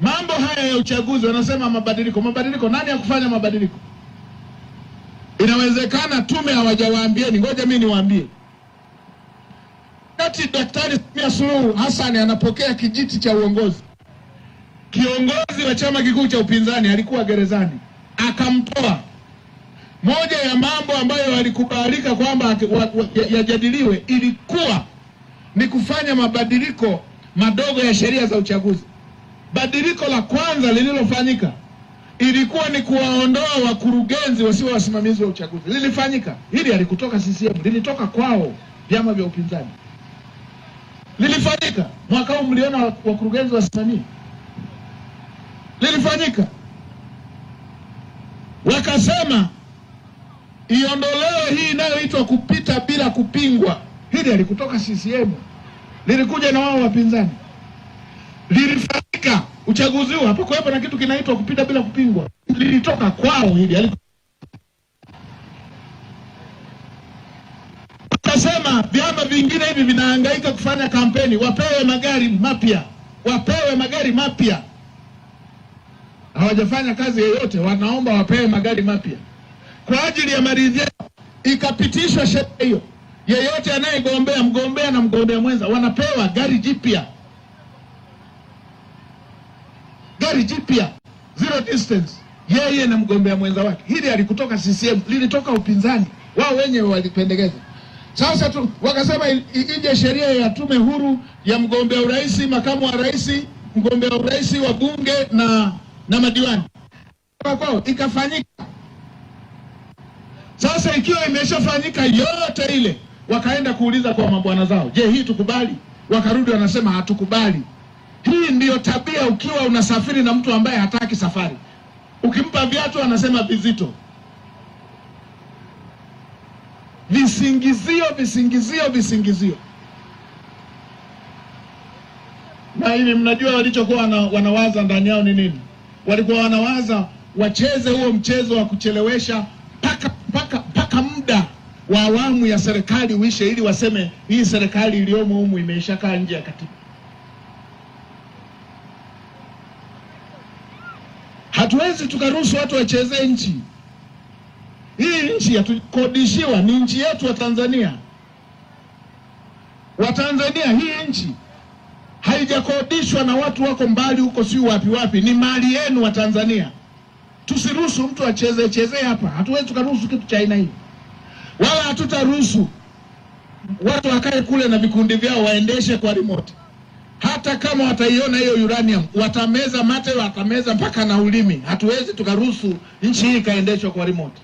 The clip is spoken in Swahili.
Mambo haya ya uchaguzi wanasema mabadiliko, mabadiliko. Nani ya kufanya mabadiliko? Inawezekana tume hawajawaambieni, ngoja mi niwaambie. kati Daktari Samia Suluhu hasani anapokea kijiti cha uongozi, kiongozi wa chama kikuu cha upinzani alikuwa gerezani, akamtoa. Moja ya mambo ambayo walikubalika kwamba yajadiliwe ilikuwa ni kufanya mabadiliko madogo ya sheria za uchaguzi. Badiliko la kwanza lililofanyika ilikuwa ni kuwaondoa wakurugenzi wasio wasimamizi wa uchaguzi. Lilifanyika hili, halikutoka CCM, lilitoka kwao vyama vya upinzani. Lilifanyika mwaka huu, mliona wakurugenzi wasimamii. Lilifanyika wakasema iondolewe hii inayoitwa kupita bila kupingwa. Hili halikutoka CCM, lilikuja na wao wapinzani. Lilifanyika uchaguzi huu hapakuwepo na kitu kinaitwa kupita bila kupingwa, lilitoka kwao hili. Akasema yaani- vyama vingine hivi vinahangaika kufanya kampeni, wapewe magari mapya, wapewe magari mapya. Hawajafanya kazi yoyote, wanaomba wapewe magari mapya kwa ajili ya maridhiano. Ikapitishwa sheria hiyo, yeyote anayegombea, mgombea na mgombea mwenza wanapewa gari jipya. gari jipya zero distance, yeye na mgombea mwenza wake. Hili alikutoka CCM, lilitoka upinzani, wao wenyewe walipendekeza. Sasa tu wakasema ije sheria ya tume huru ya mgombea urais, makamu wa rais, mgombea urais, wa bunge na na madiwani kwao, ikafanyika. Sasa ikiwa imeshafanyika yote ile, wakaenda kuuliza kwa mabwana zao, je, hii tukubali? Wakarudi wanasema hatukubali. Hii ndiyo tabia ukiwa unasafiri na mtu ambaye hataki safari. Ukimpa viatu anasema vizito. Visingizio, visingizio, visingizio. Na hivi mnajua walichokuwa wanawaza ndani yao ni nini? Walikuwa wanawaza wacheze huo mchezo wa kuchelewesha mpaka mpaka mpaka muda wa awamu ya serikali uishe, ili waseme hii serikali iliyomo humu imeishakaa nje ya katiba. Hatuwezi tukaruhusu watu wachezee nchi hii. Nchi yatukodishiwa ni nchi yetu wa Tanzania. Watanzania, hii nchi haijakodishwa na watu wako mbali huko, si wapi wapi, ni mali yenu wa Tanzania. Tusiruhusu mtu acheze chezee hapa, hatuwezi tukaruhusu kitu cha aina hii, wala hatutaruhusu watu wakae kule na vikundi vyao waendeshe kwa remote hata kama wataiona hiyo uranium watameza mate, watameza mpaka na ulimi. Hatuwezi tukaruhusu nchi hii ikaendeshwa kwa remote.